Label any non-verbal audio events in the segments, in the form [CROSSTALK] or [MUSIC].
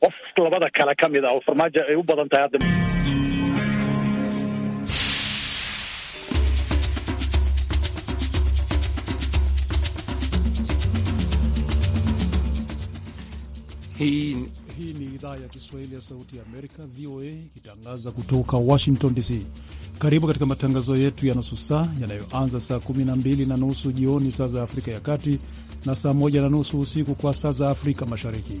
qof eh, labada kale ka mid a oo farmaajo ay u badan tahay hadda hii hii ni idhaa ya Kiswahili ya Sauti ya Amerika, VOA, ikitangaza kutoka Washington DC. Karibu katika matangazo yetu ya nusu saa yanayoanza saa 12 na nusu jioni saa za Afrika ya Kati na saa 1 na nusu usiku kwa saa za Afrika Mashariki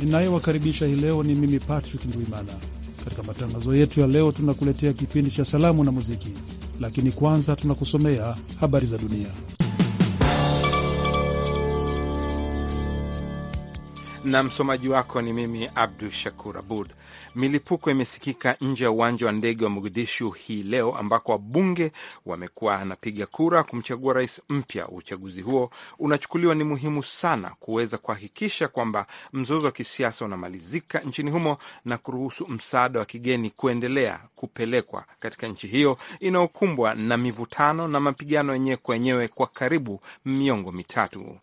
ninayewakaribisha hii leo ni mimi Patrick Ndwimana. Katika matangazo yetu ya leo, tunakuletea kipindi cha salamu na muziki, lakini kwanza tunakusomea habari za dunia. na msomaji wako ni mimi Abdu Shakur Abud. Milipuko imesikika nje ya uwanja wa ndege wa Mogadishu hii leo, ambako wabunge wamekuwa anapiga kura kumchagua rais mpya. Uchaguzi huo unachukuliwa ni muhimu sana kuweza kuhakikisha kwamba mzozo wa kisiasa unamalizika nchini humo na kuruhusu msaada wa kigeni kuendelea kupelekwa katika nchi hiyo inayokumbwa na mivutano na mapigano yenyewe kwa wenyewe kwa karibu miongo mitatu.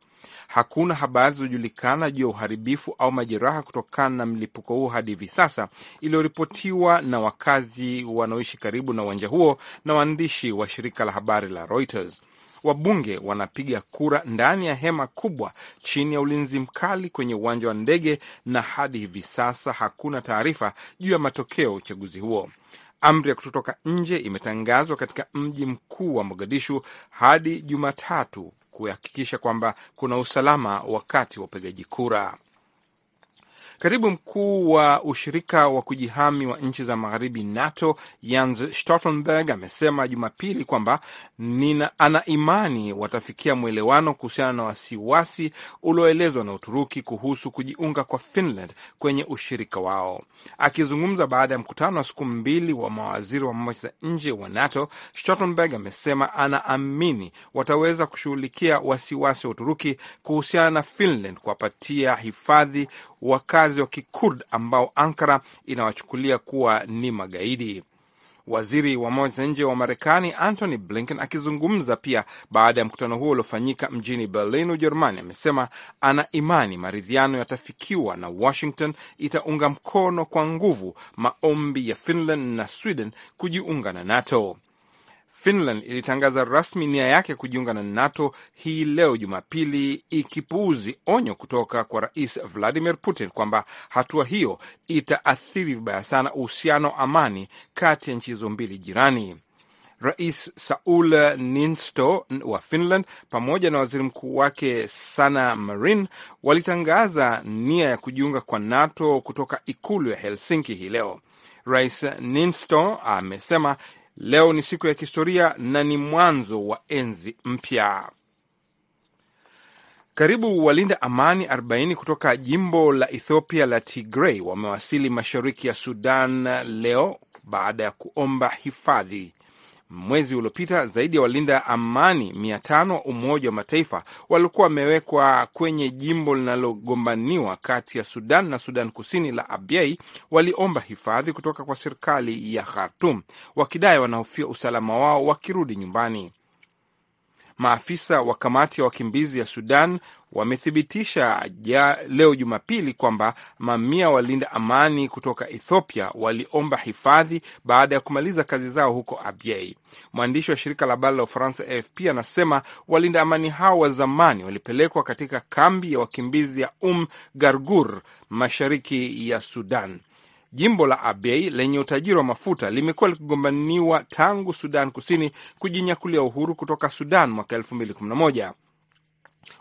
Hakuna habari zilizojulikana juu ya uharibifu au majeraha kutokana na mlipuko huo hadi hivi sasa, iliyoripotiwa na wakazi wanaoishi karibu na uwanja huo na waandishi wa shirika la habari la Reuters. Wabunge wanapiga kura ndani ya hema kubwa chini ya ulinzi mkali kwenye uwanja wa ndege, na hadi hivi sasa hakuna taarifa juu ya matokeo ya uchaguzi huo. Amri ya kutotoka nje imetangazwa katika mji mkuu wa Mogadishu hadi Jumatatu kuhakikisha kwamba kuna usalama wakati wa upigaji kura. Katibu mkuu wa ushirika wa kujihami wa nchi za magharibi NATO Jens Stoltenberg amesema Jumapili kwamba ana imani watafikia mwelewano kuhusiana na wasiwasi ulioelezwa na Uturuki kuhusu kujiunga kwa Finland kwenye ushirika wao. Akizungumza baada ya mkutano wa siku mbili wa mawaziri wa mambo za nje wa NATO, Stoltenberg amesema anaamini wataweza kushughulikia wasiwasi wa Uturuki kuhusiana na Finland kuwapatia hifadhi wakazi wa Kikurd ambao Ankara inawachukulia kuwa ni magaidi. Waziri wa mambo ya nje wa Marekani Antony Blinken akizungumza pia baada ya mkutano huo uliofanyika mjini Berlin, Ujerumani, amesema ana imani maridhiano yatafikiwa na Washington itaunga mkono kwa nguvu maombi ya Finland na Sweden kujiunga na NATO. Finland ilitangaza rasmi nia yake kujiunga na NATO hii leo Jumapili, ikipuuzi onyo kutoka kwa Rais Vladimir Putin kwamba hatua hiyo itaathiri vibaya sana uhusiano wa amani kati ya nchi hizo mbili jirani. Rais saul ninsto wa Finland pamoja na waziri mkuu wake Sanna Marin walitangaza nia ya kujiunga kwa NATO kutoka ikulu ya Helsinki hii leo. Rais ninsto amesema Leo ni siku ya kihistoria na ni mwanzo wa enzi mpya. Karibu walinda amani 40 kutoka jimbo la Ethiopia la Tigray wamewasili mashariki ya Sudan leo baada ya kuomba hifadhi. Mwezi uliopita zaidi ya walinda amani mia tano wa Umoja wa Mataifa walikuwa wamewekwa kwenye jimbo linalogombaniwa kati ya Sudan na Sudan Kusini la Abyei, waliomba hifadhi kutoka kwa serikali ya Khartum wakidai wanahofia usalama wao wakirudi nyumbani. Maafisa wa kamati ya wakimbizi ya Sudan wamethibitisha ja leo Jumapili kwamba mamia walinda amani kutoka Ethiopia waliomba hifadhi baada ya kumaliza kazi zao huko Abyei. Mwandishi wa shirika la habari la Ufaransa AFP anasema walinda amani hao wa zamani walipelekwa katika kambi ya wakimbizi ya Um Gargur mashariki ya Sudan. Jimbo la Abyei lenye utajiri wa mafuta limekuwa likigombaniwa tangu Sudan Kusini kujinyakulia uhuru kutoka Sudan mwaka 2011.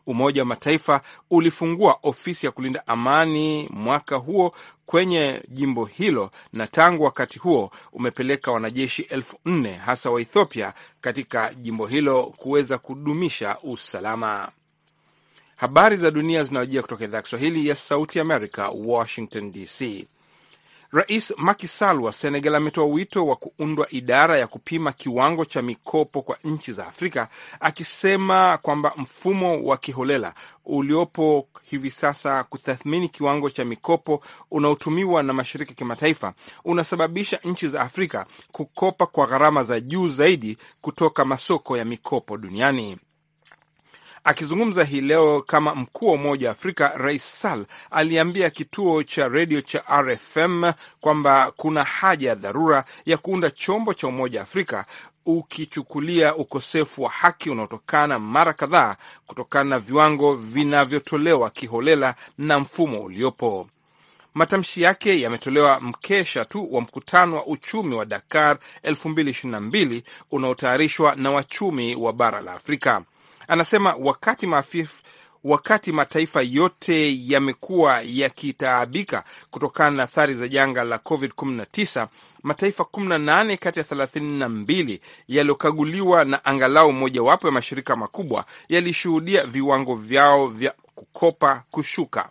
Umoja wa Mataifa ulifungua ofisi ya kulinda amani mwaka huo kwenye jimbo hilo, na tangu wakati huo umepeleka wanajeshi elfu nne hasa wa Ethiopia katika jimbo hilo kuweza kudumisha usalama. Habari za dunia zinawajia kutoka idhaa ya Kiswahili ya Sauti Amerika, Washington DC. Rais Macky Sall wa Senegal ametoa wito wa kuundwa idara ya kupima kiwango cha mikopo kwa nchi za Afrika, akisema kwamba mfumo wa kiholela uliopo hivi sasa kutathmini kiwango cha mikopo unaotumiwa na mashirika ya kimataifa unasababisha nchi za Afrika kukopa kwa gharama za juu zaidi kutoka masoko ya mikopo duniani. Akizungumza hii leo kama mkuu wa Umoja wa Afrika, Rais Sall aliambia kituo cha redio cha RFM kwamba kuna haja ya dharura ya kuunda chombo cha Umoja wa Afrika ukichukulia ukosefu wa haki unaotokana mara kadhaa kutokana na viwango vinavyotolewa kiholela na mfumo uliopo. Matamshi yake yametolewa mkesha tu wa mkutano wa uchumi wa Dakar 2022 unaotayarishwa na wachumi wa bara la Afrika. Anasema wakati maafif, wakati mataifa yote yamekuwa yakitaabika kutokana na athari za janga la COVID-19, mataifa 18 kati ya 32 yaliyokaguliwa na angalau mojawapo ya mashirika makubwa yalishuhudia viwango vyao vya kukopa kushuka.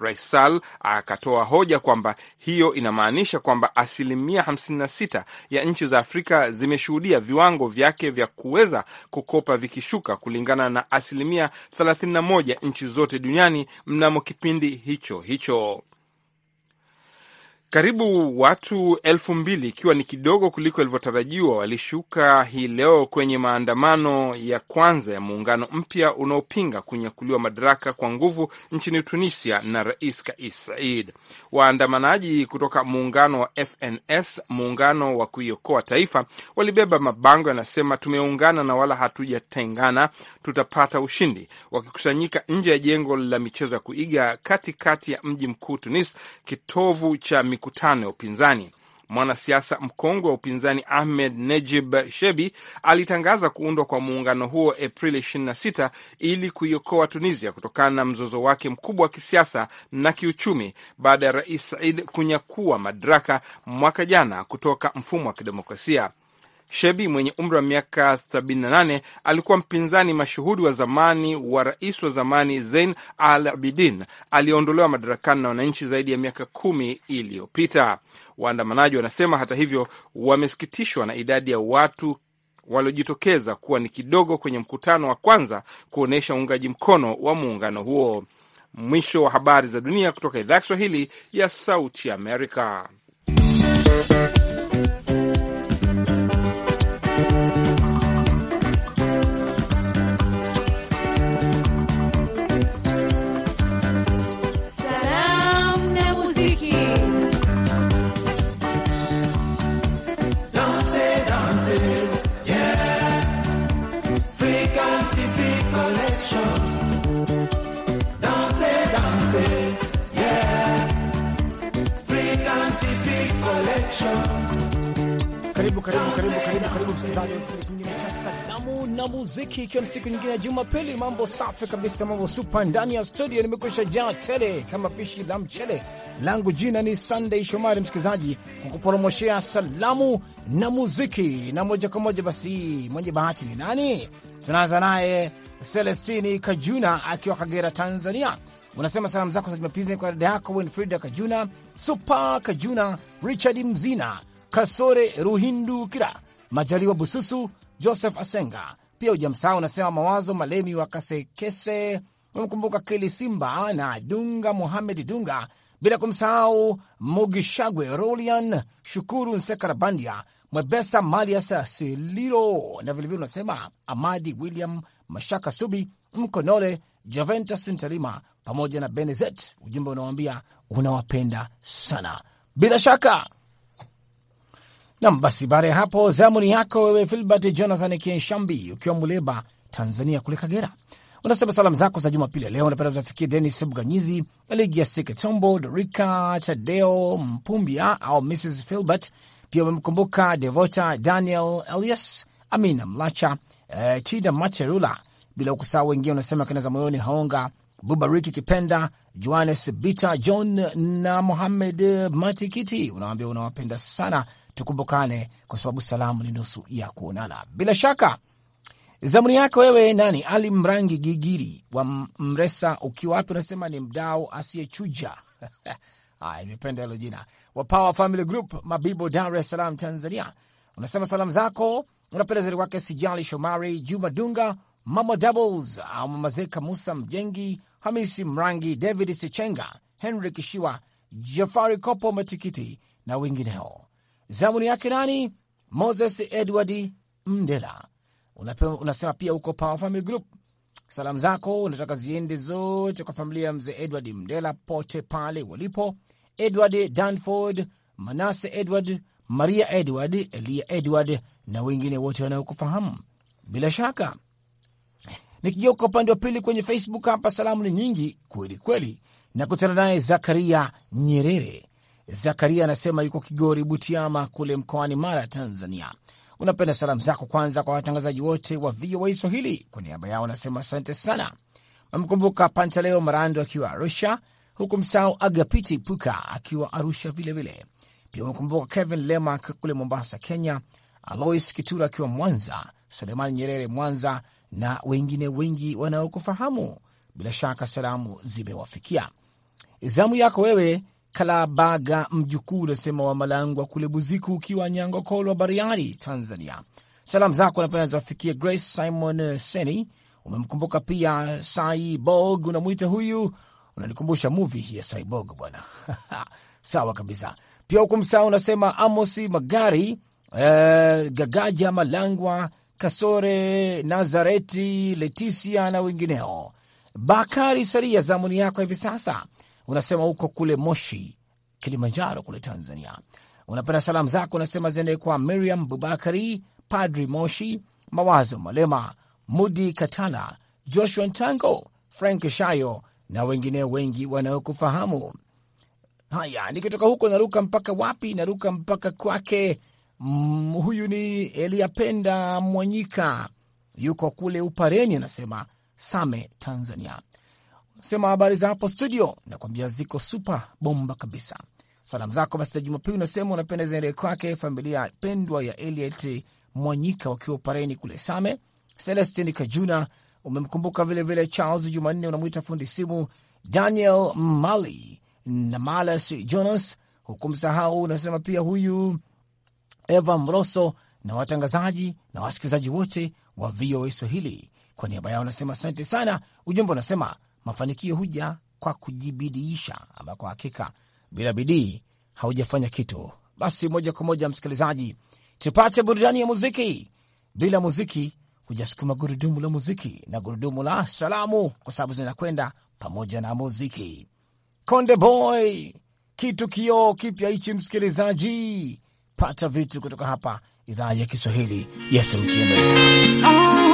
Rais Sall akatoa hoja kwamba hiyo inamaanisha kwamba asilimia 56 ya nchi za Afrika zimeshuhudia viwango vyake vya kuweza kukopa vikishuka kulingana na asilimia 31 nchi zote duniani mnamo kipindi hicho hicho. Karibu watu elfu mbili ikiwa ni kidogo kuliko ilivyotarajiwa walishuka hii leo kwenye maandamano ya kwanza ya muungano mpya unaopinga kunyakuliwa madaraka kwa nguvu nchini Tunisia na Rais Kais Saied. Waandamanaji kutoka muungano wa FNS, muungano wa kuiokoa taifa, walibeba mabango yanasema, tumeungana na wala hatujatengana, tutapata ushindi, wakikusanyika nje ya jengo la michezo ya kuiga katikati ya mji mkuu Tunis, kitovu cha mikutano ya upinzani. Mwanasiasa mkongwe wa upinzani Ahmed Najib Shebi alitangaza kuundwa kwa muungano huo Aprili 26 ili kuiokoa Tunisia kutokana na mzozo wake mkubwa wa kisiasa na kiuchumi baada ya Rais Said kunyakua madaraka mwaka jana kutoka mfumo wa kidemokrasia. Shebi mwenye umri wa miaka 78 alikuwa mpinzani mashuhuri wa zamani wa rais wa zamani Zein Al Abidin aliyeondolewa madarakani na wananchi zaidi ya miaka kumi iliyopita. Waandamanaji wanasema hata hivyo, wamesikitishwa na idadi ya watu waliojitokeza kuwa ni kidogo kwenye mkutano wa kwanza kuonyesha uungaji mkono wa muungano huo. Mwisho wa habari za dunia kutoka idhaa ya Kiswahili ya Sauti Amerika. karibu, karibu, karibu, karibu msikilizaji wa kipindi kingine cha salamu na muziki, ikiwa ni siku nyingine ya Jumapili. Mambo safi kabisa, mambo supa ndani ya studio, nimekusha jaa tele kama pishi la mchele langu. Jina ni Sunday Shomari, msikilizaji, kwa kuporomoshea salamu na muziki. Na moja kwa moja basi, mwenye bahati ni nani? Tunaanza naye Celestini Kajuna akiwa Kagera, Tanzania. Unasema salamu zako za Jumapili kwa dada yako Winfrida Kajuna, Supa Kajuna, Richard Mzina, Kasore Ruhindukira, Majaliwa Bususu, Joseph Asenga. Pia ujamsaa unasema mawazo Malemi wa Kasekese, umemkumbuka Kili Simba na Dunga muhamed Dunga, bila kumsahau Mugishagwe Rolian, Shukuru Nsekarabandia, Mwebesa Malias Siliro, na vilevile unasema Amadi William Mashaka Subi, Mkonole javenta sintalima pamoja na Benezet. Ujumbe unawambia unawapenda sana bila shaka Nam, basi baada ya hapo, zamu ni yako wewe, Filbert Jonathan Kienshambi, ukiwa Muleba, Tanzania kule Kagera. Unasema salamu zako za Jumapili ya leo napenda zafikie Denis Mganyizi, Eligia Siketombo, Dorika Tadeo Mpumbia au Mrs Filbert. Pia umemkumbuka Devota Daniel Elias, Amina Mlacha, eh, Tida Materula, bila ukusahau wengine. Unasema kinaza moyoni Haonga Bubariki Kipenda, Johannes Bita, John na Mohamed Matikiti. Unawambia unawapenda sana tukumbukane, kwa sababu salamu ni nusu ya kuonana. Bila shaka zamuni yako wewe nani? Ali Mrangi Gigiri wa Mresa, ukiwa wapi? Unasema ni mdao asiyechuja [LAUGHS] Haya, nimependa hilo jina. Wa Power Family Group, Mabibo, Dar es Salaam, Tanzania, unasema salamu zako unapenda zari wake Sijali Shomari, Juma Dunga, Mama Doubles au Mama Zeka, Musa Mjengi, Hamisi Mrangi, David Sichenga, Henry Kishiwa, Jafari Kopo Matikiti na wengineo. Zamuni yake nani? Moses Edward Mndela unasema pia huko Power Family Group, salamu zako unataka ziende zote kwa familia ya mzee Edward Mndela pote pale walipo, Edward Danford, Manase Edward, Maria Edward, Elia Edward na wengine wote wanaokufahamu bila shaka. Nikigeuka upande wa pili kwenye Facebook hapa, salamu ni nyingi kweli kweli. kutana naye Zakaria Nyerere Zakaria anasema yuko Kigori Butiama kule mkoani Mara, Tanzania. Unapenda salamu zako kwanza kwa watangazaji wote wa VOA Swahili. Kwa niaba yao anasema asante sana. Amkumbuka Pantaleo Marando akiwa Arusha, huku msao Agapiti Puka akiwa Arusha vilevile. Pia umekumbuka Kevin Lemak kule Mombasa, Kenya, Alois Kitura akiwa Mwanza, Suleimani Nyerere Mwanza na wengine wengi wanaokufahamu. Bila shaka salamu zimewafikia. Zamu yako wewe Kalabaga mjukuu unasema wa Malangwa kule Buziku, ukiwa Nyangokolwa, Bariadi, Tanzania. Salamu zako napenda zawafikia Grace Simon Seni, umemkumbuka pia Cyborg unamwita huyu, unanikumbusha muvi hii ya Cyborg bwana [LAUGHS] sawa kabisa. Pia huku msaa unasema Amosi Magari, eh, Gagaja Malangwa, Kasore Nazareti, Leticia na wengineo. Bakari Saria, zamuni yako hivi sasa unasema huko kule Moshi, Kilimanjaro kule Tanzania. Unapenda salamu zako unasema ziende kwa Miriam Bubakari, Padri Moshi, Mawazo Malema, Mudi Katala, Joshua Ntango, Frank Shayo na wengine wengi wanaokufahamu. Haya, nikitoka huko naruka mpaka wapi? Naruka mpaka kwake mm, huyu ni Eliapenda Mwanyika, yuko kule Upareni, anasema Same, Tanzania sema habari za hapo studio, nakwambia ziko super bomba kabisa. Salamu zako basi za Jumapili unasema unapenda ziendee kwake familia pendwa ya Eliet Mwanyika wakiwa Pareni kule Same. Celestin Kajuna umemkumbuka vilevile Charles Jumanne, unamwita fundi simu Daniel Mali na Malas Jonas, hukumsahau unasema pia huyu Eva Mroso na watangazaji na wasikilizaji wote wa VOA Swahili. Kwa niaba yao unasema asante sana. Ujumbe unasema Mafanikio huja kwa kujibidiisha, ambako hakika bila bidii haujafanya kitu. Basi moja kwa moja, msikilizaji, tupate burudani ya muziki. Bila muziki hujasukuma gurudumu la muziki na gurudumu la salamu, kwa sababu zinakwenda pamoja na muziki. Konde Boy, kitu kioo kipya hichi, msikilizaji, pata vitu kutoka hapa idhaa ya Kiswahili ya Sauti Amerika.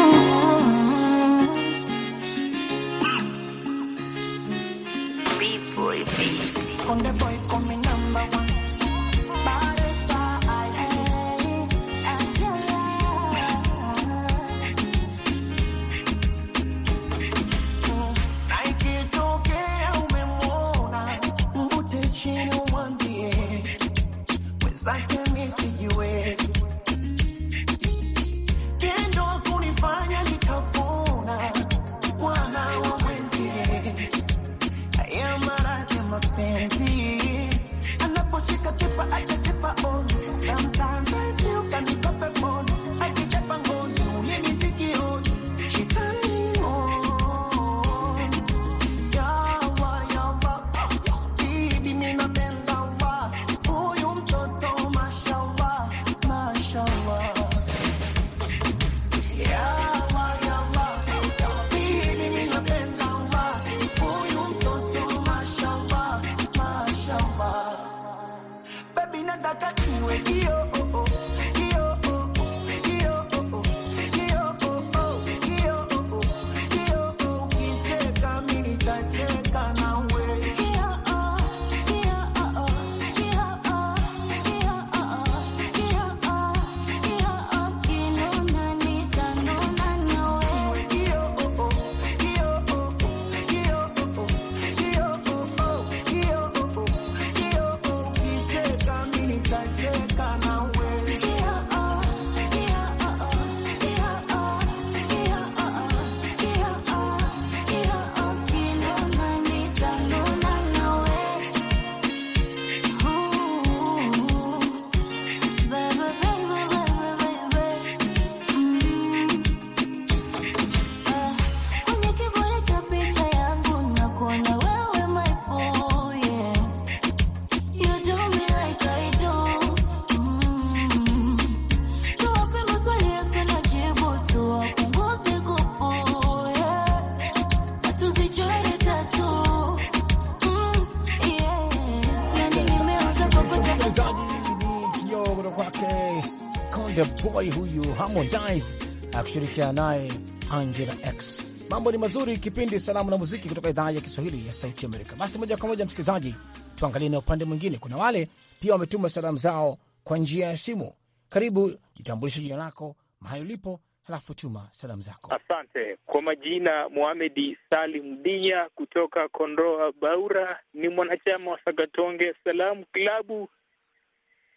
huyu Harmonize akishirikiana naye Angela X. Mambo ni mazuri, kipindi Salamu na Muziki kutoka idhaa ya Kiswahili ya Sauti Amerika. Basi moja kwa moja, msikilizaji, tuangalie na upande mwingine. Kuna wale pia wametuma salamu zao kwa njia ya simu. Karibu, jitambulishe jina lako, mahali ulipo, halafu tuma salamu zako. Asante kwa majina, Muhamedi Salim Dinya kutoka Kondoa Baura, ni mwanachama wa Sagatonge Salamu Klabu.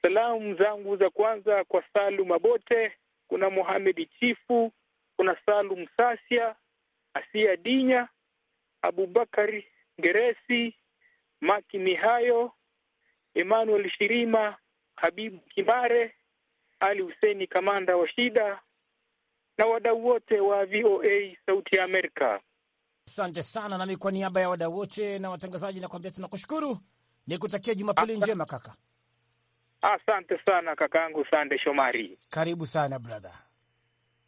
Salamu zangu za kwanza kwa salu Abote kuna Mohamed Chifu, kuna Salum Sasia, Asia Dinya, Abubakari geresi Maki Mihayo, Emmanuel Shirima, Habibu Kibare, Ali Huseni, kamanda wa Shida na wadau wote wa VOA Sauti ya Amerika. Asante sana. Nami kwa niaba ya wadau wote na watangazaji nakwambia tunakushukuru, nikutakia Jumapili njema kaka. Asante sana kakaangu Sande Shomari, karibu sana brother.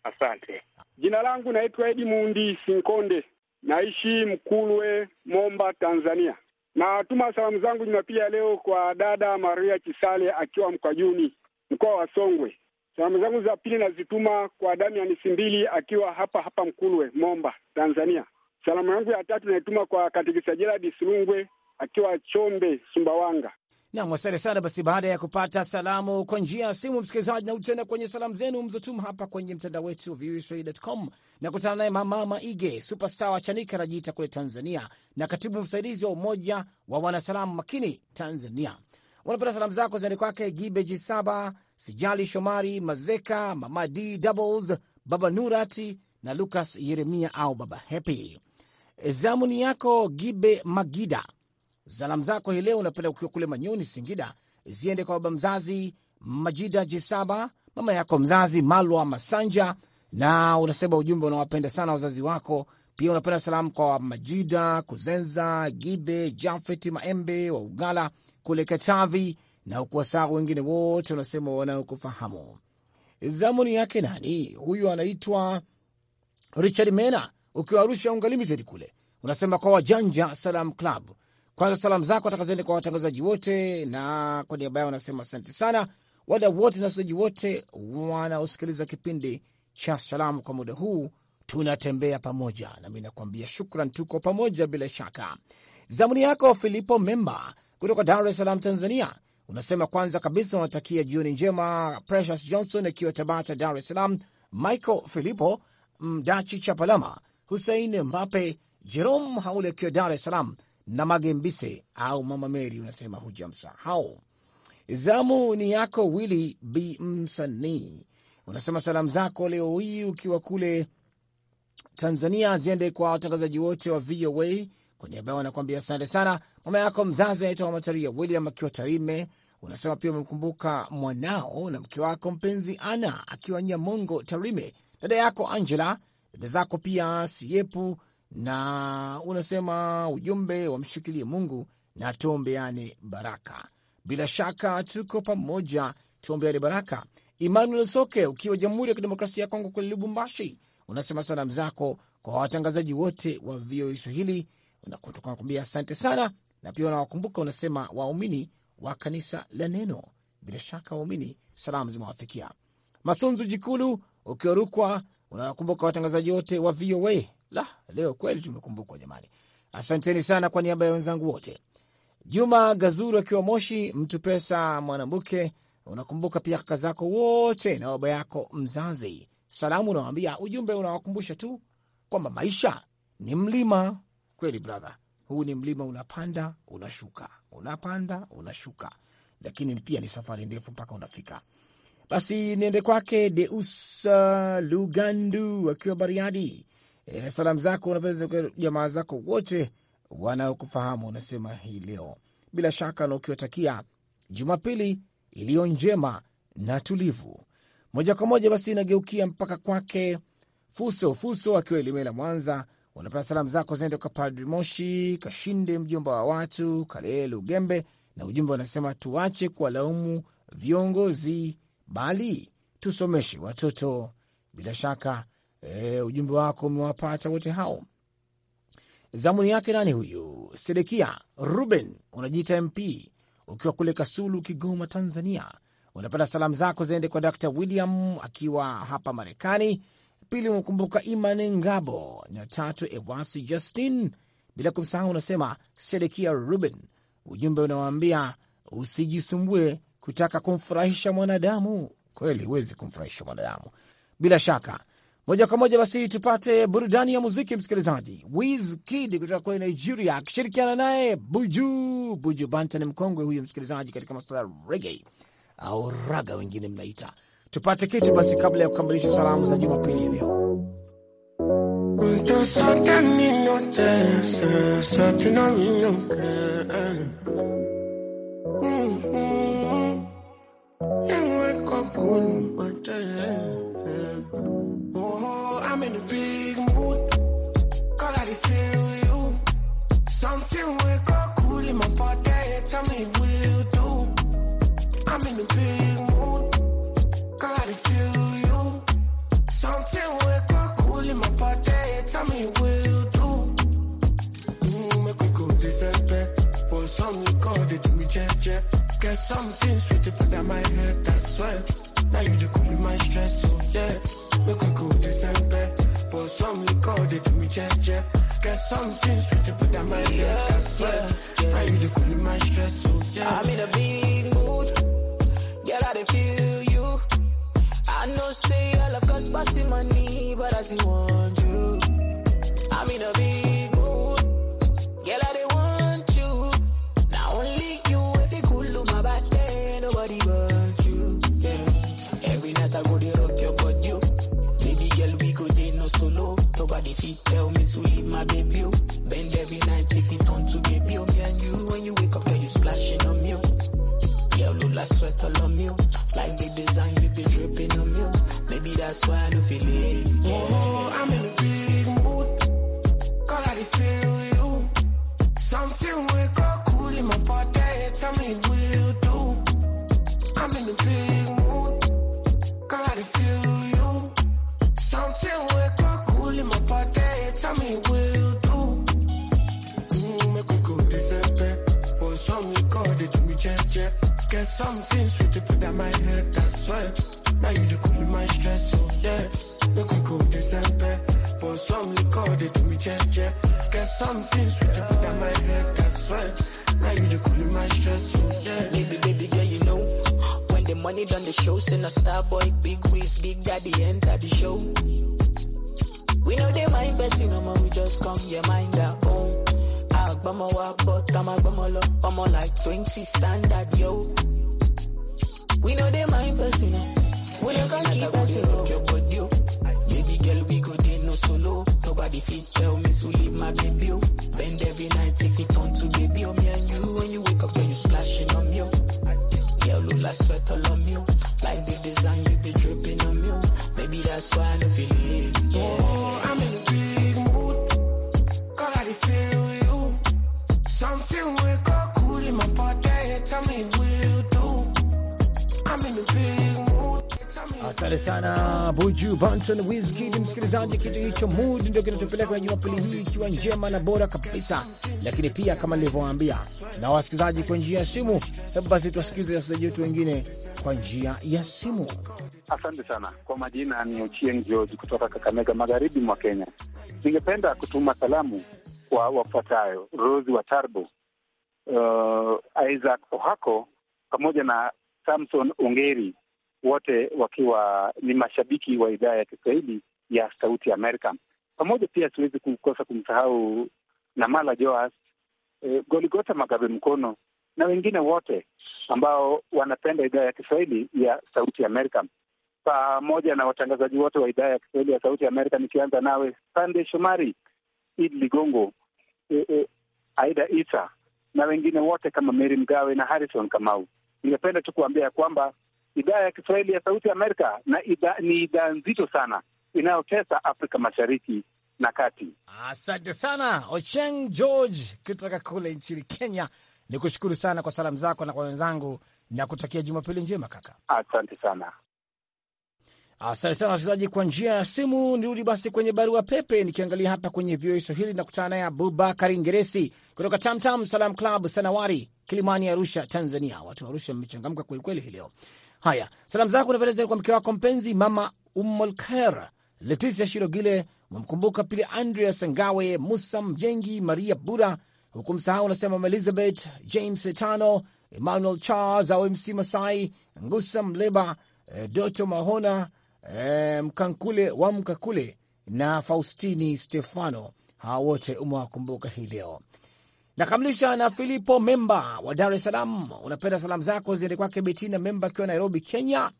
Asante. Jina langu naitwa Edi Mundi Sinkonde, naishi Mkulwe, Momba, Tanzania. Natuma salamu zangu Jumapili ya leo kwa dada Maria Chisale akiwa Mkwajuni, mkoa wa Songwe. Salamu zangu za pili nazituma kwa Damian Simbili akiwa hapa hapa Mkulwe, Momba, Tanzania. Salamu yangu ya tatu naituma kwa Katikisa Jeradi Silungwe akiwa Chombe, Sumbawanga. Nam, asante sana. Basi baada ya kupata salamu kwa njia ya simu, msikilizaji, narudi tena kwenye salamu zenu mzotuma hapa kwenye mtandao wetu voaswahili.com na kutana naye Mama Maige, superstar wa Chanika anajiita kule Tanzania na katibu msaidizi wa Umoja wa Wanasalamu Makini Tanzania. Unapata salamu zako zani kwake Gibeji Saba, Sijali Shomari Mazeka, Mama D Doubles, Baba Nurati na Lukas Yeremia au Baba Hepi. Zamuni yako Gibe Magida Salamu zako hii leo unapenda ukiwa kule Manyoni, Singida, ziende kwa baba mzazi Majida Jisaba, mama yako mzazi Malwa Masanja, na unasema ujumbe unawapenda sana wazazi wako. Pia unapenda salamu kwa Majida Kuzenza, Gibe Jafet Maembe wa Ugala kule Katavi, na ukuwasaa wengine wote unasema wanaokufahamu. Zamuni yake nani huyu? Anaitwa Richard Mena, ukiwa Arusha Unga Limited kule, unasema kwa wajanja Salam Club kwanza salamu zako atakazoenda kwa watangazaji wote, na kwa niaba yao wanasema asante sana wada wote na wasikilizaji wote wanaosikiliza kipindi cha salamu kwa muda huu, tunatembea pamoja, nami nakuambia shukran, tuko pamoja bila shaka. Zamuni yako Filipo Memba kutoka Dar es Salaam, Tanzania, unasema kwanza kabisa unatakia jioni njema Precious Johnson akiwa Tabata, Dar es Salaam, Michael Filipo Mdachi Chapalama, husein Mbape, Jerome Haule akiwa Dar es Salaam na Magembise au Mama Meri, unasema hujamsahau. Zamu ni yako Wili B Msanii, unasema salamu zako leo hii ukiwa kule Tanzania ziende kwa watangazaji wote wa VOA. Kwa niaba yao anakuambia asante sana. Mama yako mzazi anaitwa Mataria William akiwa Tarime, unasema pia umemkumbuka mwanao na mke wako mpenzi Ana akiwa Nyamongo Tarime, dada yako Angela, dada zako pia Siepu na unasema ujumbe wamshikilie Mungu na tuombeane baraka. Bila shaka tuko pamoja, tuombeane baraka. Emmanuel Soke ukiwa Jamhuri ya Kidemokrasia ya Kongo kule Lubumbashi, unasema salamu zako kwa watangazaji wote wa VOA Swahili tunakwambia asante sana, na pia unawakumbuka unasema waumini wa kanisa la Neno. Bila shaka waumini, salamu zimewafikia. Masunzu Jikulu ukiorukwa, unawakumbuka watangazaji wote wa VOA la, leo kweli tumekumbukwa jamani. Asanteni sana kwa niaba ya wenzangu wote. Juma Gazuru akiwa Moshi, mtu pesa mwanamke, unakumbuka pia kaka zako wote na baba yako mzazi. Salamu unawambia, ujumbe unawakumbusha tu kwamba maisha ni mlima. Kweli brother, huu ni mlima, unapanda unashuka, unapanda unashuka, lakini pia ni safari ndefu mpaka unafika. Basi niende kwake Deus Lugandu akiwa Bariadi e, salamu zako unapeza jamaa zako wote wanaokufahamu unasema hii leo. Bila shaka na ukiwatakia Jumapili iliyo njema na tulivu. Moja kwa moja basi inageukia mpaka kwake Fuso Fuso akiwa Ilemela, Mwanza. unapea salamu zako zaende kwa Padri Moshi Kashinde, mjomba wa watu kalee lugembe na ujumbe unasema tuache kuwalaumu viongozi, bali tusomeshe watoto. Bila shaka E, ujumbe wako umewapata wote hao. Zamuni yake nani huyu? Sedekia Ruben, unajiita MP ukiwa kule Kasulu, Kigoma, Tanzania. Unapata salamu zako ziende kwa Dr William akiwa hapa Marekani, pili umekumbuka Imane Ngabo na tatu Ewasi Justin, bila kumsahau unasema Sedekia Ruben. Ujumbe unawaambia usijisumbue kutaka kumfurahisha mwanadamu. Kweli huwezi kumfurahisha mwanadamu. Bila shaka moja kwa moja basi tupate burudani ya muziki, msikilizaji. Wizkid kutoka kule Nigeria akishirikiana naye Buju Buju Banton, mkongwe huyu msikilizaji, katika masuala ya rege au raga wengine mnaita. Tupate kitu basi kabla ya kukamilisha salamu za Jumapili leo. Something we got cool cool in in in my my tell tell me me me, you you. you do. do. I'm big gotta to feel make go it Get something sweet to put on my head, that's why. Now you the cool my stress, oh yeah. something sweet to put on my yeah, neck, I swear. Yeah. Now you the cool my stress, so yeah. I'm in a big mood. Girl, I feel you. I know say all of us passing money, but I see one. sweat all on Like the design you be dripping on me. Maybe that's why I don't feel it. Yeah. Oh, I'm in a big mood. Cause I feel you. Something will go cool in my body. Tell me will do. I'm in a There's something sweet to put on my head, that's why. Now you the cool my stress, so oh, yeah. Look, we go December. But some liquor, it to me Yeah, Get something sweet to put on my head, that's why. Now you the cool my stress, so oh, yeah. Baby, baby girl, you know. When the money done the show, send a star boy, big quiz, big daddy enter the show. We know they mind person, no more, we just come, yeah, mind our own. Agbamawa, but I'm a bummer, I'm like 20 standard, yo. We know they mind person. We don't can keep us in oh. Baby girl, we go there no solo. Nobody fit tell me to leave my baby. Oh. Bend every night, take it on to baby. Oh, me and you, when you wake up, girl, you splashing on me. Oh. Yellow, like sweat all on me. Oh. Like the design, you be dripping on me. baby. Maybe that's why I don't feel it. Yeah. Oh, I'm in a big mood. Call I feel you. Something wake up cool in my pocket. Tell me Asante sana Buju Banton Wizkid, msikilizaji. Kitu hicho mood ndio kinachopeleka kwenye Jumapili hii ikiwa njema na bora kabisa, lakini pia kama nilivyowaambia na wasikilizaji kwa njia ya simu, hebu basi tuwasikilize wasikilizaji wetu wengine kwa njia ya simu. Asante sana. Kwa majina ni Ochieng George kutoka Kakamega, magharibi mwa Kenya. Ningependa kutuma salamu kwa wafuatayo: Rosi wa Tarbo, uh, Isaac Ohako pamoja na Samson ungeri wote wakiwa ni mashabiki wa idhaa ya Kiswahili ya Sauti Amerika. Pamoja pia siwezi kukosa kumsahau Namala Joas, e, Goligota Magabe Mkono na wengine wote ambao wanapenda idhaa ya Kiswahili ya Sauti Amerika, pamoja na watangazaji wote wa idhaa ya Kiswahili ya Sauti Amerika, nikianza nawe sande Shomari, Id Ligongo, e, e, Aida Isa na wengine wote kama Meri Mgawe na Harrison Kamau ningependa tu kuambia kwamba idhaa ya Kiswahili ya Sauti Amerika na ida, ni idhaa nzito sana inayotesa Afrika Mashariki na Kati. Asante sana Ocheng George kutoka kule nchini Kenya. Ni kushukuru sana kwa salamu zako na kwa wenzangu na kutakia Jumapili njema kaka. Asante sana. Asante sana wasikilizaji kwa njia ya simu. Nirudi basi kwenye barua pepe, nikiangalia hapa kwenye VOA Swahili nakutana naye Abubakar Ngeresi kutoka Tamtam Salam Club Sanawari, Kilimani, Arusha, Tanzania. Watu wa Arusha mmechangamka kwelikweli hii leo. Haya, salamu zako unapeleza kwa mke wako mpenzi, Mama Umolkher, Leticia Shirogile, mamkumbuka pili, Andrea Sangawe, Musa Mjengi, Maria Bura, huku msahau unasema Elizabeth James Tano, Emmanuel Charles, au MC Masai, Ngusa Mleba, eh, Doto Mahona Eh, Mkankule wa Mkakule na Faustini Stefano, hawa wote umewakumbuka hii leo. Nakamilisha na Filipo Memba wa Dar es Salaam, unapenda salamu zako ziende kwake Betina Memba akiwa Nairobi, Kenya,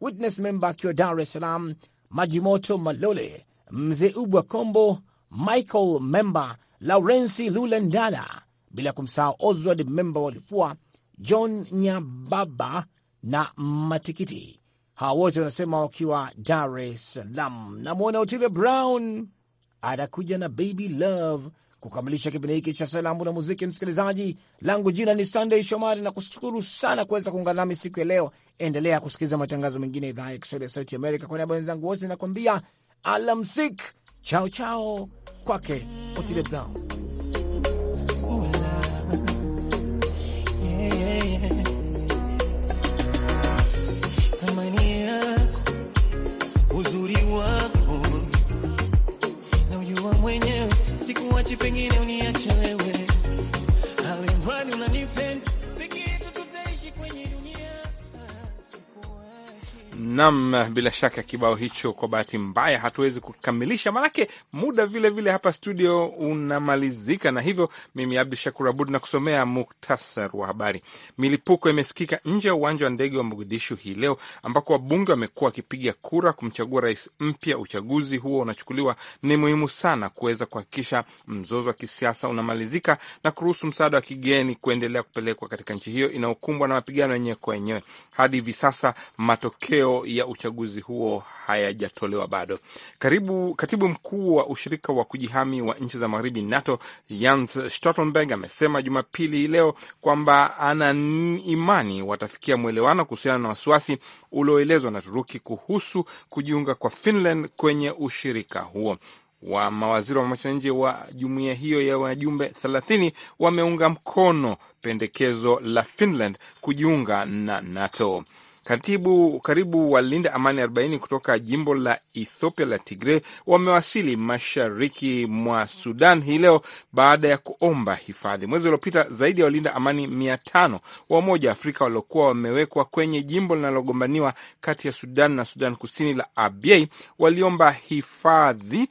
Witness Memba akiwa Dar es Salaam, Majimoto Malole, Mzee Ubwa Kombo, Michael Memba, Laurensi Lulendala, bila kumsahau Oswald Memba walifua John Nyababa na Matikiti hawa wote wanasema wakiwa Dar es Salaam. Namwona Otile Brown atakuja na Baby Love kukamilisha kipindi hiki cha salamu na muziki. Msikilizaji langu jina ni Sunday Shomari na kushukuru sana kuweza kuungana nami siku ya leo. Endelea kusikiliza matangazo mengine ya idhaa ya Kiswahili ya Sauti Amerika. Kwa niaba wenzangu wote nakwambia alamsik, chao chao, kwake Otile Brown. wakati pengine uniache wewe Nam, bila shaka kibao hicho, kwa bahati mbaya hatuwezi kukamilisha, manake muda vilevile vile hapa studio unamalizika, na hivyo mimi Abdu Shakur Abud na kusomea muktasar wa habari. Milipuko imesikika nje ya uwanja wa ndege wa Mogadishu hii leo, ambako wabunge wamekuwa wakipiga kura kumchagua rais mpya. Uchaguzi huo unachukuliwa ni muhimu sana kuweza kuhakikisha mzozo wa kisiasa unamalizika na kuruhusu msaada wa kigeni kuendelea kupelekwa katika nchi hiyo inayokumbwa na mapigano yenyewe kwa wenyewe. Hadi hivi sasa matokeo ya uchaguzi huo hayajatolewa bado. Karibu katibu mkuu wa ushirika wa kujihami wa nchi za magharibi NATO Jens Stoltenberg amesema Jumapili leo kwamba ana imani watafikia mwelewano kuhusiana na wasiwasi ulioelezwa na Turuki kuhusu kujiunga kwa Finland kwenye ushirika huo wa mawaziri wa mambo ya nje wa jumuiya hiyo ya wajumbe thelathini wameunga mkono pendekezo la Finland kujiunga na NATO. Katibu karibu walinda amani 40 kutoka jimbo la Ethiopia la Tigre wamewasili mashariki mwa Sudan hii leo baada ya kuomba hifadhi. Mwezi uliopita zaidi ya walinda amani 500 wa Umoja wa Afrika waliokuwa wamewekwa kwenye jimbo linalogombaniwa kati ya Sudan na Sudan Kusini la Abyei waliomba hifadhi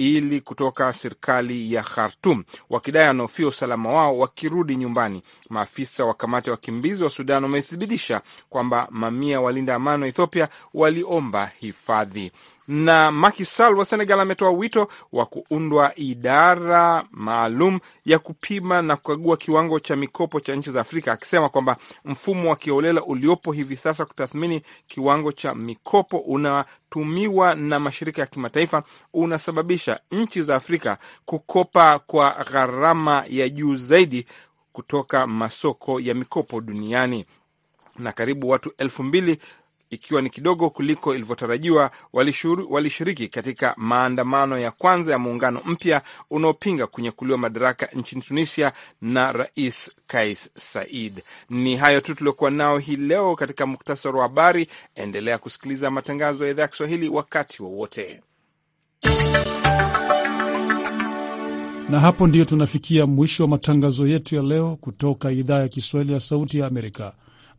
ili kutoka serikali ya Khartum wakidai wanaofia usalama wao wakirudi nyumbani. Maafisa wa kamati ya wakimbizi wa Sudan wamethibitisha kwamba mamia walinda amani wa Ethiopia waliomba hifadhi na Macky Sall wa Senegal ametoa wito wa kuundwa idara maalum ya kupima na kukagua kiwango cha mikopo cha nchi za Afrika, akisema kwamba mfumo wa kiolela uliopo hivi sasa kutathmini kiwango cha mikopo unatumiwa na mashirika ya kimataifa unasababisha nchi za Afrika kukopa kwa gharama ya juu zaidi kutoka masoko ya mikopo duniani na karibu watu elfu mbili ikiwa ni kidogo kuliko ilivyotarajiwa, walishiriki katika maandamano ya kwanza ya muungano mpya unaopinga kunyakuliwa madaraka nchini Tunisia na Rais Kais Said. Ni hayo tu tuliokuwa nao hii leo katika muktasari wa habari. Endelea kusikiliza matangazo ya idhaa ya Kiswahili wakati wowote wa na hapo ndiyo tunafikia mwisho wa matangazo yetu ya leo kutoka idhaa ya Kiswahili ya Sauti ya Amerika.